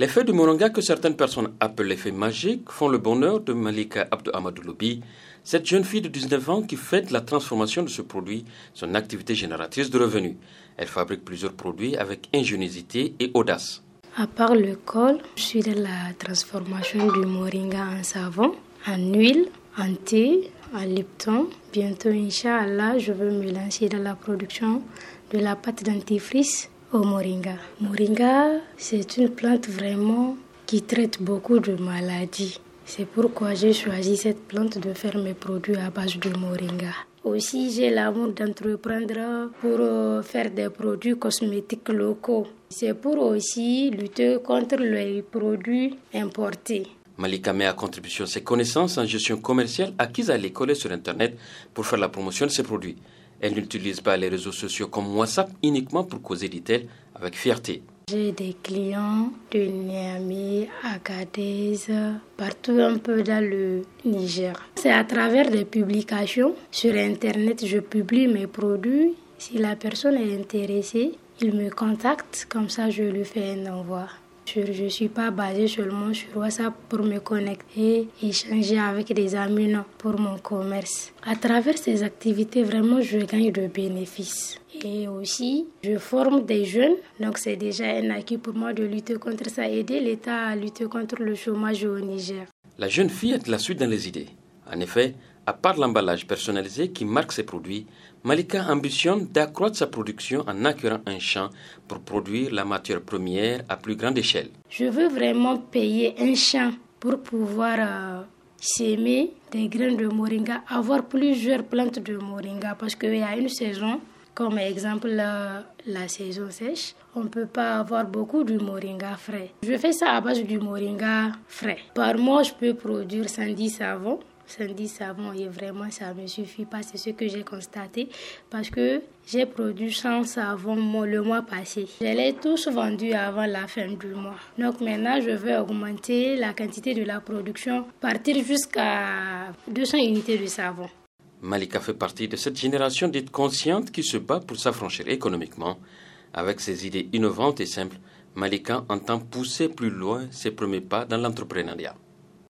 L'effet du moringa que certaines personnes appellent l'effet magique font le bonheur de Malika Abdou Amadou cette jeune fille de 19 ans qui fait la transformation de ce produit, son activité génératrice de revenus. Elle fabrique plusieurs produits avec ingéniosité et audace. À part le col, je suis dans la transformation du moringa en savon, en huile, en thé, en lepton Bientôt, Inch'Allah, je veux me lancer dans la production de la pâte dentifrice au oh, moringa. Moringa, c'est une plante vraiment qui traite beaucoup de maladies. C'est pourquoi j'ai choisi cette plante de faire mes produits à base de moringa. Aussi, j'ai l'amour d'entreprendre pour euh, faire des produits cosmétiques locaux. C'est pour aussi lutter contre les produits importés. Malika met à contribution ses connaissances en gestion commerciale acquises à l'école et sur Internet pour faire la promotion de ses produits. Elle n'utilise pas les réseaux sociaux comme WhatsApp uniquement pour causer, dit-elle, avec fierté. J'ai des clients de Niamey, Agadez, partout un peu dans le Niger. C'est à travers des publications. Sur Internet, je publie mes produits. Si la personne est intéressée, il me contacte, comme ça je lui fais un envoi. Je ne suis pas basée seulement sur WhatsApp pour me connecter et échanger avec des amis, pour mon commerce. À travers ces activités, vraiment, je gagne de bénéfices. Et aussi, je forme des jeunes. Donc, c'est déjà un acquis pour moi de lutter contre ça, aider l'État à lutter contre le chômage au Niger. La jeune fille est la suite dans les idées. En effet, à part l'emballage personnalisé qui marque ses produits, Malika ambitionne d'accroître sa production en acquérant un champ pour produire la matière première à plus grande échelle. Je veux vraiment payer un champ pour pouvoir euh, s'aimer des graines de moringa, avoir plusieurs plantes de moringa parce qu'il y a une saison, comme exemple euh, la, saison sèche, on ne peut pas avoir beaucoup de moringa frais. Je fais ça à base du moringa frais. Par mois, je peux produire 110 savons. 110 savons et vraiment ça ne me suffit pas. C'est ce que j'ai constaté parce que j'ai produit 100 savons le mois passé. Je les tous vendus avant la fin du mois. Donc maintenant, je veux augmenter la quantité de la production, partir jusqu'à 200 unités de savon. Malika fait partie de cette génération dite consciente qui se bat pour s'affranchir économiquement. Avec ses idées innovantes et simples, Malika entend pousser plus loin ses premiers pas dans l'entrepreneuriat.